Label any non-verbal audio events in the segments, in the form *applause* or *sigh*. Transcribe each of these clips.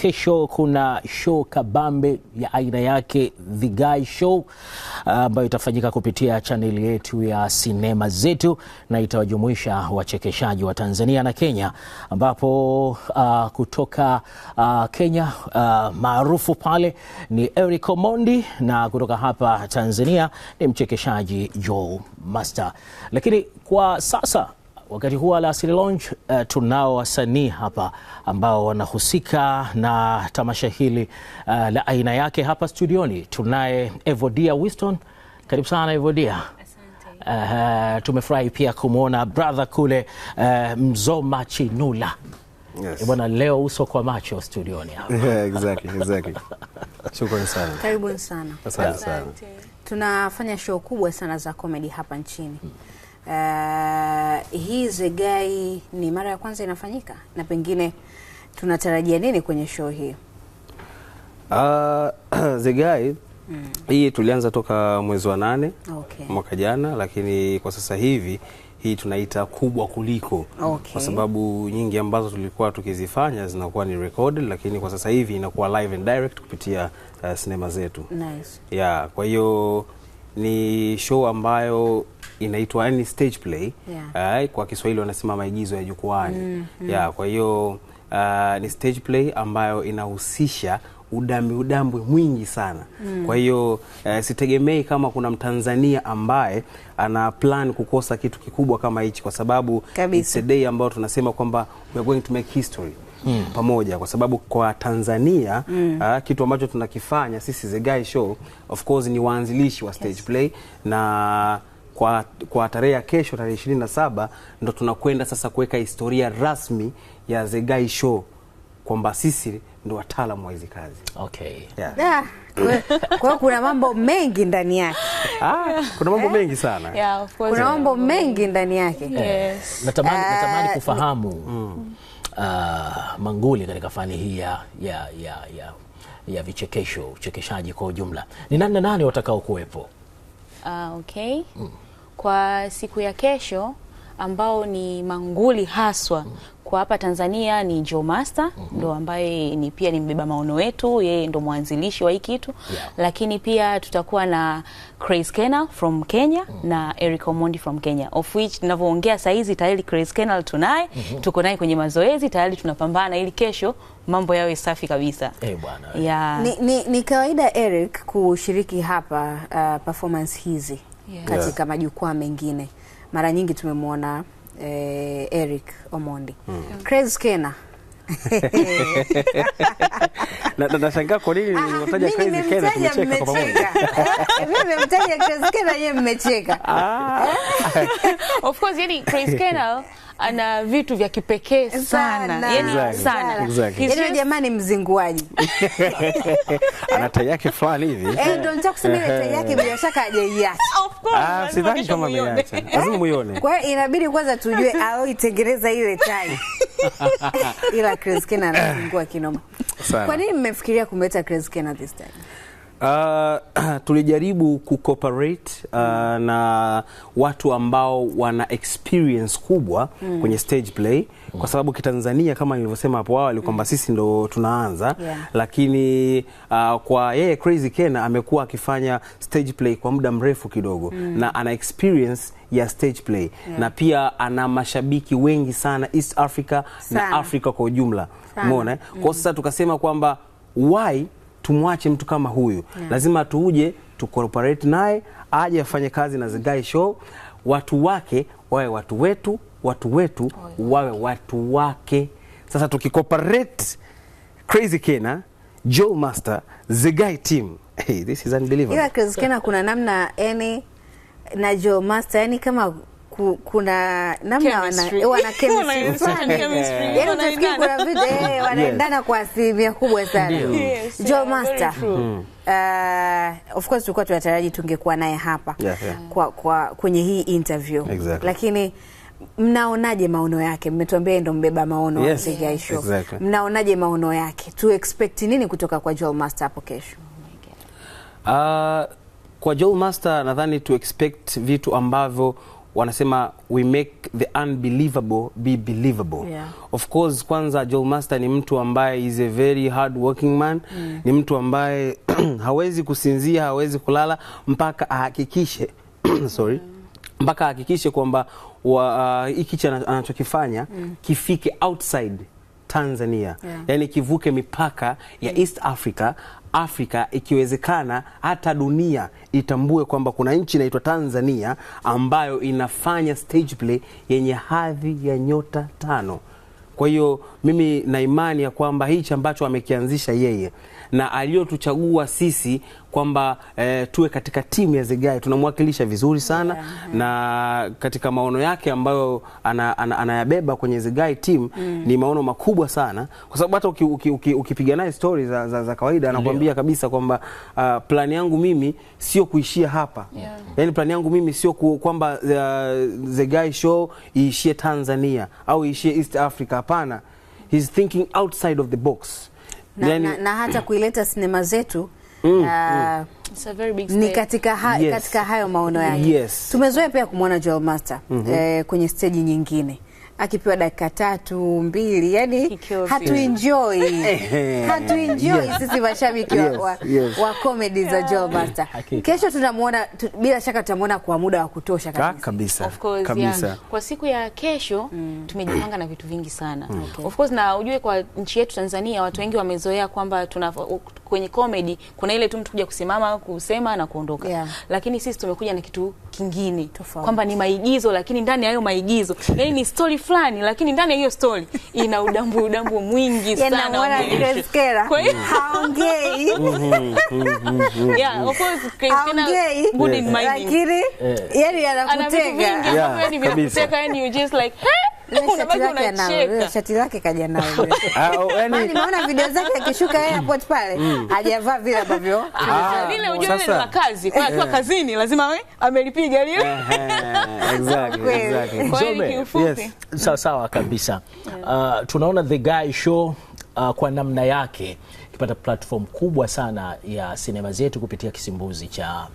kesho kuna show kabambe ya aina yake, The Guy Show ambayo uh, itafanyika kupitia chaneli yetu ya sinema zetu na itawajumuisha wachekeshaji wa Tanzania na Kenya, ambapo uh, kutoka uh, Kenya uh, maarufu pale ni Eric Omondi na kutoka hapa Tanzania ni mchekeshaji joe Master, lakini kwa sasa Wakati huu alasiri lounge uh, tunao wasanii hapa ambao wanahusika na tamasha hili uh, la aina yake. Hapa studioni tunaye Evodia Winston, karibu sana Evodia. Uh, tumefurahi pia kumwona brother kule uh, Mzoma Chinula. Yes. Bwana leo uso kwa macho studioni hapa. *laughs* Yeah, exactly, exactly. Shukrani sana. Karibuni sana. Asante sana. Tunafanya show kubwa sana za comedy hapa nchini. Hmm uh, hii Zegai ni mara ya kwanza inafanyika, na pengine tunatarajia nini kwenye show hii? Uh, *clears throat* Zegai mm. hii tulianza toka mwezi wa nane okay. mwaka jana, lakini kwa sasa hivi hii tunaita kubwa kuliko okay. kwa sababu nyingi ambazo tulikuwa tukizifanya zinakuwa ni recorded, lakini kwa sasa hivi inakuwa live and direct kupitia uh, sinema uh, zetu nice. yeah, kwa hiyo ni show ambayo inaitwa yani stage play yeah. uh, kwa Kiswahili wanasema maigizo ya jukwaani mm, mm. yeah, kwa hiyo uh, ni stage play ambayo inahusisha udambi udambi mwingi sana mm. Kwa hiyo uh, sitegemei kama kuna Mtanzania ambaye ana plan kukosa kitu kikubwa kama hichi, kwa sababu it's a day ambayo tunasema kwamba we are going to make history mm. pamoja, kwa sababu kwa Tanzania mm. uh, kitu ambacho tunakifanya sisi The Guy Show of course ni waanzilishi wa stage yes. play na kwa, kwa tarehe ya kesho tarehe ishirini na saba ndo tunakwenda sasa kuweka historia rasmi ya Zegai Show kwamba sisi ndo wataalamu wa hizi kazi. Okay. Yeah. Yeah. Kwa hiyo kuna mambo mengi ndani yake. Ah, kuna mambo mengi sana. Eh? Yeah, of course. Kuna mambo mengi ndani yake. Yes. Eh, natamani, natamani eh, kufahamu mm. uh, Manguli katika fani hii ya, ya, ya, ya, ya vichekesho uchekeshaji kwa ujumla ni nani na nani watakao kuwepo? Uh, okay. Mm kwa siku ya kesho ambao ni manguli haswa mm. Kwa hapa Tanzania ni Joe Master mm -hmm. Ndo ambaye ni pia ni mbeba maono wetu, yeye ndo mwanzilishi wa hii kitu yeah. Lakini pia tutakuwa na Chris Kenna from Kenya mm -hmm. na Eric Omondi from Kenya of which tunavyoongea saa hizi tayari Chris Kenna tunaye mm -hmm. Tuko naye kwenye mazoezi tayari, tunapambana ili kesho mambo yawe safi kabisa. Hey, eh, bwana. Yeah. Ni, ni, ni kawaida Eric kushiriki hapa uh, performance hizi yeah. katika yeah. majukwaa mengine. Mara nyingi tumemwona eh, Eric Omondi mm. Crazy Kena nashangaa kwa nini ah, nimemtaja *laughs* yeye mmecheka. Ah. *laughs* Of course, yani ana vitu vya kipekee sana yani sana yani, yaani jamani, mzinguaji *laughs* ana tai yake fulani hivi eh, ndio tai yake bila shaka hajaiacha Ah, sidhani kama ameacha, lazima muione. Kwa hiyo inabidi kwanza tujue aoitengeneza ile tai *laughs* ila Chris Kena anafungua kinoma. Kwa nini mmefikiria kumleta Chris Kena this time? Uh, *clears throat* tulijaribu kucooperate uh, na watu ambao wana experience kubwa mm. kwenye stage play kwa sababu kitanzania kama nilivyosema hapo awali kwamba mm. sisi ndo tunaanza yeah. Lakini uh, kwa yeye Crazy Kena amekuwa akifanya stage play kwa muda mrefu kidogo mm. na ana experience ya stage play yeah. na pia ana mashabiki wengi sana East Africa sana. na Africa kwa ujumla, umeona kwa mm. sasa tukasema kwamba why tumwache mtu kama huyu yeah. Lazima tuje tukorporate naye aje afanye kazi na Zingai Show, watu wake wawe watu wetu, watu wetu wawe watu wake. Sasa tukikorporate Crazy Kena, Joe Master, Zingai team *laughs* hey, this is unbelievable. Yeah, Crazy Kena kuna namna any na Joe Master yani kama ku, kuna namna *laughs* yaani vitu wanaendana kwa asilimia kubwa sana yes, yeah, Master hmm. Uh, of course tulikuwa tunataraji tungekuwa naye hapa yeah, yeah. Kwa, kwa kwenye hii interview exactly. Lakini mnaonaje maono yake? Mmetuambia ndo mbeba maono yes, yes. Exactly. Mnaonaje maono yake, tu expect nini kutoka kwa Joel Master hapo kesho? uh, kwa Joel Master nadhani tu expect vitu ambavyo wanasema we make the unbelievable be believable. Yeah. Of course, kwanza Joel Master ni mtu ambaye is a very hard working man. Mm. Ni mtu ambaye *clears throat* hawezi kusinzia, hawezi kulala mpaka ahakikishe *clears throat* sorry. Mm mpaka ahakikishe kwamba uh, hiki uh, anachokifanya mm. kifike outside Tanzania yeah. Yani kivuke mipaka ya mm. East Africa Afrika ikiwezekana hata dunia itambue kwamba kuna nchi inaitwa Tanzania ambayo inafanya stage play yenye hadhi ya nyota tano. Kwa hiyo mimi na imani ya kwamba hichi ambacho amekianzisha yeye na aliyotuchagua sisi kwamba e, tuwe katika timu ya zegai tunamwakilisha vizuri sana yeah, yeah. Na katika maono yake ambayo anayabeba ana, ana, kwenye Zegai team mm. Ni maono makubwa sana kwa sababu hata ukipiga uki, uki, uki naye stori za, za, za kawaida anakuambia kabisa kwamba uh, ah, plani yangu mimi sio kuishia hapa yeah. Yani plani yangu mimi sio kwamba uh, Zegai show iishie Tanzania au iishie East Africa, hapana. He's thinking outside of the box na, yani, na, na hata kuileta sinema zetu Mm, mm. uh, mm. It's a very big ni katika, ha yes. Katika hayo maono yake yes. Tumezoea pia kumwona Joel Master mm -hmm. eh, kwenye steji nyingine mm akipewa dakika tatu mbili, yani hatuenjoy *laughs* hatuenjoy sisi mashabiki yes, wa, yes. wa comedy yeah. za Joel Master. Kesho tunamuona tu, bila shaka tutamuona kwa muda wa kutosha ah, kabisa. Kabisa. Of course, kabisa. Yeah. Kwa siku ya kesho mm. tumejipanga na vitu vingi sana mm. okay. Of course na ujue kwa nchi yetu Tanzania watu wengi wamezoea kwamba tuna kwenye comedy kuna ile tu mtu kuja kusimama kusema na kuondoka yeah. Lakini sisi tumekuja na kitu kingine kwamba ni maigizo, lakini ndani ya hayo maigizo *laughs* yani ni story fulani, lakini ndani ya hiyo story ina udambu udambu mwingi sana. haongei, yeah of course, good in lakini eh. anakutega, yani you just like hey! Yaani shati lake kaja nalo *laughs* ah, oh, yaani yaani *laughs* nimeona video zake akishuka mm. airport pale mm. hajavaa vile ambavyo lile ujue lile la kazi kwa akiwa eh. kazini lazima we amelipiga eh, lile eh, sawa sawa kabisa uh, tunaona the guy show uh, kwa namna yake ikipata platform kubwa sana ya sinema zetu kupitia kisimbuzi cha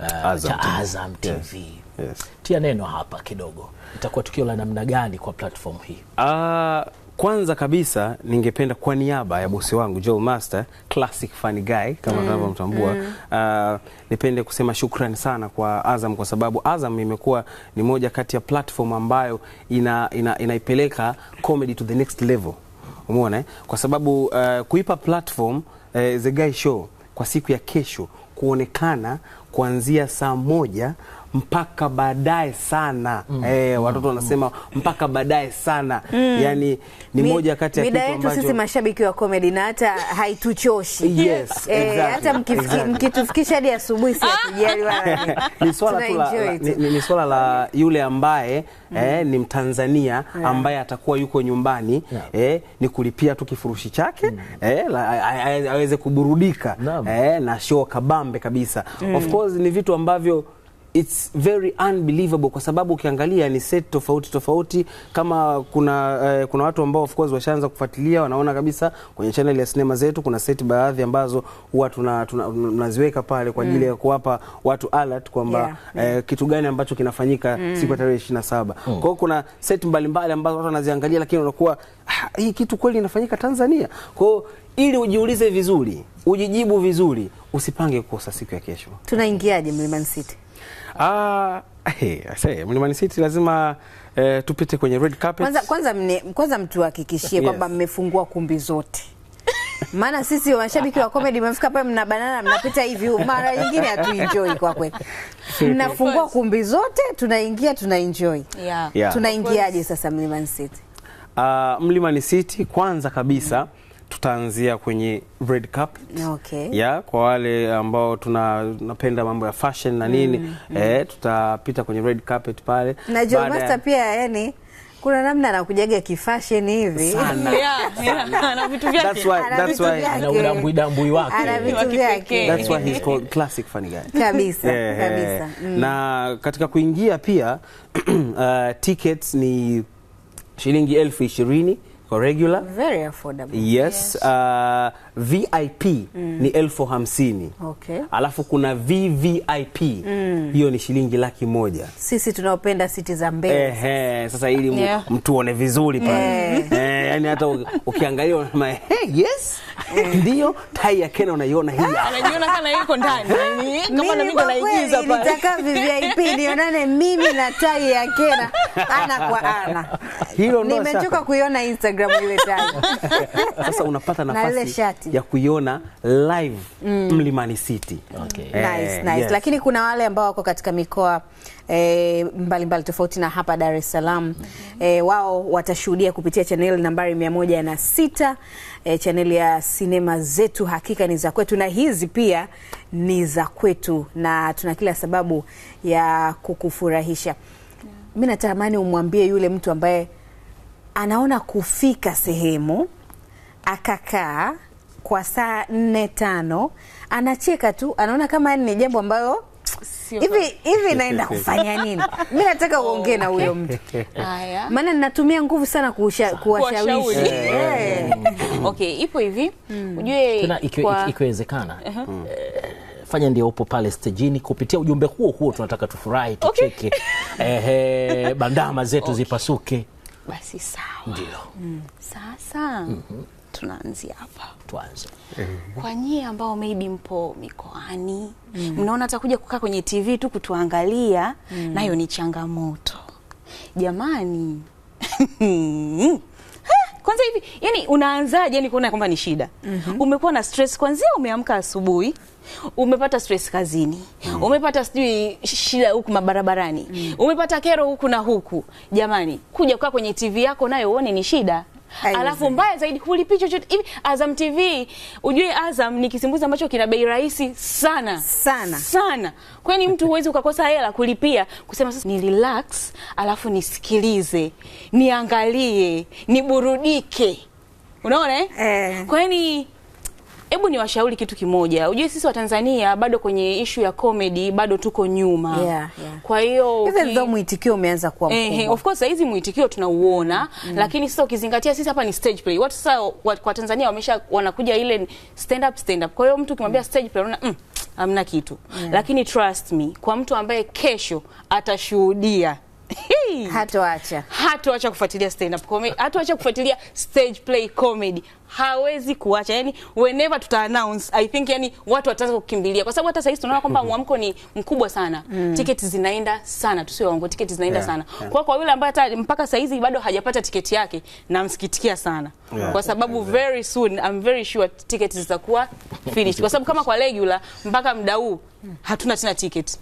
uh, Azam cha Azam TV yes. Yes. Tia neno hapa kidogo, itakuwa tukio la namna gani kwa platform hii? Uh, kwanza kabisa ningependa kwa niaba ya bosi wangu Joel Master, classic funny guy kama mm, tunavyomtambua mm, mm. Uh, nipende kusema shukrani sana kwa Azam kwa sababu Azam imekuwa ni moja kati ya platform ambayo ina, ina, inaipeleka comedy to the next level, umeona eh? kwa sababu uh, kuipa platform uh, The Guy Show kwa siku ya kesho kuonekana kuanzia saa moja mpaka baadaye sana mm. Eh, mm. watoto wanasema mpaka baadaye sana mm. Yani ni Mi, moja kati ya mida yetu ambacho... sisi mashabiki wa comedy na hata haituchoshi *laughs* yes, exactly. Eh, hata mkitufikisha hadi asubuhi si atujali wala *laughs* ni swala tu la, ni, ni swala la yule ambaye mm. eh, ni Mtanzania ambaye atakuwa yuko nyumbani yeah. eh, ni kulipia tu kifurushi chake mm. eh, aweze kuburudika no. eh, na show kabambe kabisa mm. of course ni vitu ambavyo it's very unbelievable kwa sababu ukiangalia ni set tofauti tofauti. Kama kuna eh, kuna watu ambao of course washaanza kufuatilia wanaona kabisa kwenye channel ya sinema zetu kuna set baadhi ambazo huwa tunaziweka pale kwa ajili ya mm. kuwapa watu alert kwamba yeah, yeah. eh, mm. kitu gani ambacho kinafanyika mm. siku ya tarehe 27. Mm. Kwa hiyo kuna set mbalimbali ambazo watu wanaziangalia, lakini unakuwa ah, hii kitu kweli inafanyika Tanzania. Kwa hiyo ili ujiulize vizuri, ujijibu vizuri, usipange kukosa siku ya kesho. Tunaingiaje Mlimani City? Ah, hey, say, Mlimani City lazima eh, tupite kwenye red carpet. Kwanza, kwanza, mne, kwanza mtuhakikishie yes, kwamba mmefungua kumbi zote maana sisi mashabiki wa comedy mmefika pale banana mnapita hivi, mara nyingine hatuenjoy kwa kweli. Mnafungua kumbi zote, tunaingia tunaenjoi Yeah. Yeah. Tunaingiaje sasa Mlimani City? Uh, Mlimani City kwanza kabisa mm tutaanzia kwenye red carpet. Okay. Ya, kwa wale ambao tunapenda mambo ya fashion na nini mm, mm. Eh, tutapita kwenye red carpet pale na Joe Master pia yani kuna namna anakujaga kifashion hivi sana, *laughs* yeah, yeah. vitu vyake, that's why that's why udambui dambui wake, vitu vyake, that's why he's called *laughs* classic funny guy kabisa yeah, mm. Na katika kuingia pia *clears throat* uh, tickets ni shilingi elfu ishirini kwa regular very affordable. Yes, yes. Uh, VIP mm. ni elfu hamsini okay. Alafu kuna VVIP mm. hiyo ni shilingi laki moja. Sisi tunaopenda siti za mbele ehe, sasa ili yeah. mtuone vizuri pale yeah. eh, yani hata ukiangalia unasema hey, yes ndio tai ya Kena unaiona hii Anajiona kana yuko ndani. Kama na mimi naigiza pale. Nitaka VIP nionane mimi na tai ya Kena ana kwa ana. Hilo ndio nimechoka kuiona Instagram ile tai. *laughs* Sasa unapata nafasi ya kuiona live mm. Mlimani City. Okay. Eh, nice, nice. Yes. Lakini kuna wale ambao wako katika mikoa e, eh, mbali tofauti na hapa Dar es Salaam mm -hmm. E, wao watashuhudia kupitia chaneli nambari 106 e, chaneli ya sinema zetu hakika ni za kwetu, na hizi pia ni za kwetu, na tuna kila sababu ya kukufurahisha. Mi natamani umwambie yule mtu ambaye anaona kufika sehemu akakaa kwa saa nne tano, anacheka tu, anaona kama ni jambo ambayo hivi hivi naenda kufanya nini? Mi nataka uongee na huyo mtu, *laughs* maana ninatumia nguvu sana kuwashawishi eh mm. Okay, ipo hivi mm. Ujue ikiwezekana kwa... uh -huh. fanya ndio upo pale stejini kupitia ujumbe huo huo, tunataka tufurahi tucheke, okay. *laughs* eh, bandama zetu okay. zipasuke basi sawa, ndio mm. Sasa mm -hmm. tunaanzia hapa, tuanze mm -hmm. kwa nyie ambao maybe mpo mikoani hmm. mnaona mm. atakuja kukaa kwenye TV tu kutuangalia mm. nayo ni changamoto jamani *laughs* kwanza hivi yani unaanzaje yani kuona kwamba ni shida mm -hmm. umekuwa na stress kwanzia umeamka asubuhi umepata stress kazini mm. umepata sijui shida huku mabarabarani mm. umepata kero huku na huku jamani kuja kukaa kwenye tv yako nayo uone ni shida alafu mbaya zaidi hulipi chochote hivi. Azam TV ujue, Azam ni kisimbuzi ambacho kina bei rahisi sana sana sana, kwani mtu huwezi ukakosa hela kulipia kusema sasa ni relax, alafu nisikilize, niangalie, niburudike, unaona eh? eh. Kwani hebu washauri kitu kimoja. Ujue sisi Watanzania bado kwenye ishu ya comedy bado tuko nyuma. Yeah, yeah. Kwa hiyo even though mwitikio umeanza kuwa mkubwa. Eh, of course hizi mwitikio tunauona mm. Lakini sasa ukizingatia sisi hapa ni stage play. Watu sasa kwa Tanzania wamesha wanakuja ile stand up stand up. Kwa hiyo mtu ukimwambia mm. stage play unaona mm, hamna kitu. Yeah. Lakini trust me kwa mtu ambaye kesho atashuhudia Hey. Hatoacha. Hatoacha kufuatilia stand up comedy, hatoacha kufuatilia stage play comedy. Hawezi kuacha. Yaani whenever tuta announce I think yani watu wataanza kukimbilia kwa sababu hata sasa tunaona kwamba mm-hmm. mwamko ni mkubwa sana. Mm. Tiketi zinaenda sana, tusio waongo, tiketi zinaenda yeah, sana. Yeah. Kwa kwa yule ambaye hata mpaka sasa hizi bado hajapata tiketi yake namsikitikia sana. Yeah. Kwa sababu yeah. very soon I'm very sure tiketi zitakuwa finished. Kwa sababu kama kwa regular mpaka mda huu hatuna tena tiketi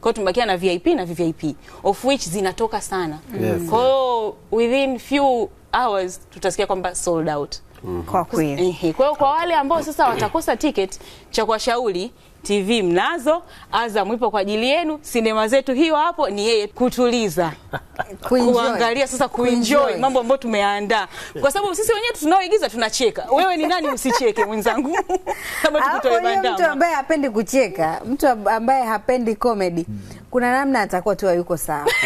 kwao tumebakia na VIP na VVIP of which zinatoka sana yes. Kwa hiyo within few hours tutasikia kwamba sold out. Mm -hmm. Kwa kweli. Kwa hiyo kwa wale ambao sasa watakosa ticket cha kuwashauri TV mnazo, Azam ipo kwa ajili yenu, sinema zetu hiyo hapo ni yeye kutuliza *laughs* kuangalia sasa, kuenjoy mambo ambayo tumeandaa, kwa sababu sisi wenyewe tunaoigiza tunacheka. Wewe ni nani usicheke mwenzangu? *laughs* kama tukutoe bandama, mtu ambaye hapendi kucheka, mtu ambaye hapendi comedy hmm. Kuna namna atakuwa tu yuko sawa. *laughs*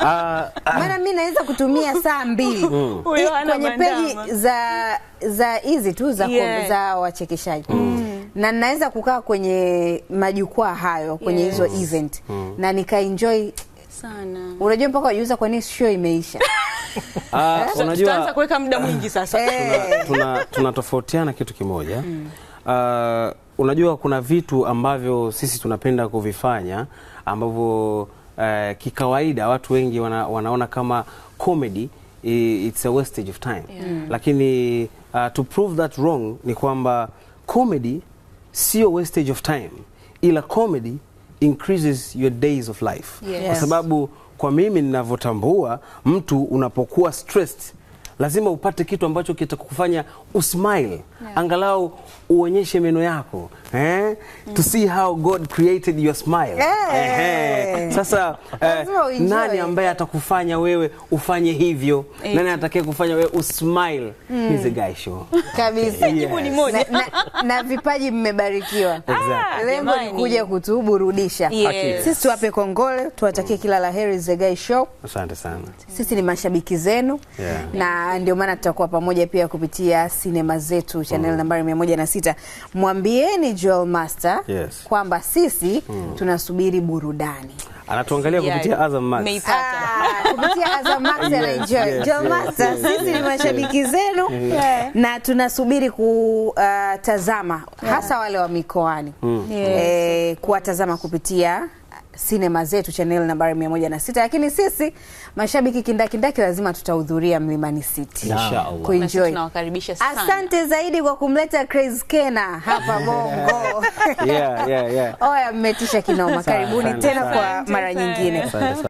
Ah, ah. Maana mimi naweza kutumia saa mbili hmm. kwenye peji za za hizi tu za yeah. za wachekeshaji mm na naweza kukaa kwenye majukwaa hayo kwenye hizo yes. event mm. na nikaenjoy sana. Unajua mpaka wajiuza kwa nini show imeisha. *laughs* Ah, uh, unajua tutaanza kuweka muda mwingi sasa. Eh. Tuna tunatofautiana kitu kimoja. Mm. Uh, unajua kuna vitu ambavyo sisi tunapenda kuvifanya ambavyo uh, kikawaida watu wengi wana, wanaona kama comedy it's a wastage of time. Yeah. Lakini uh, to prove that wrong ni kwamba comedy sio wastage of time, ila comedy increases your days of life yes. Kwa sababu kwa mimi ninavyotambua, mtu unapokuwa stressed lazima upate kitu ambacho kitakufanya usmile yeah. Angalau uonyeshe meno yako eh? mm. to see how God created your smile yeah. eh, eh. sasa eh, nani ambaye atakufanya wewe ufanye hivyo yeah. Nani atakaye kufanya wewe usmile mm. Ni The Guy Show kabisa yes. ni na, na, na vipaji mmebarikiwa exactly. Lengo ni kuja kutuburudisha yes. Sisi tuwape kongole tuwatakie mm. kila la heri The Guy Show. Asante sana. Sisi ni mashabiki zenu yeah. na ndio maana tutakuwa pamoja pia kupitia sinema zetu chanel mm. nambari 16 Mwambieni Joel Master yes. kwamba sisi mm. tunasubiri burudani anatuangalia kupitia Azam Max. Ah, kupitia Azam Max anaenjoy. *laughs* Joel Master, sisi ni mashabiki zenu mm. na tunasubiri kutazama uh, yeah. hasa wale wa mikoani mm. yes. eh, kuwatazama kupitia sinema zetu channel nambari sita lakini sisi mashabiki kindakindaki lazima tutahudhuria Mlimani City kuenjoy. Asante zaidi kwa kumleta Crazy Kena hapa *laughs* Bongo. yeah, yeah, yeah. Oya, mmetisha kinoma. Karibuni tena kwa mara nyingine.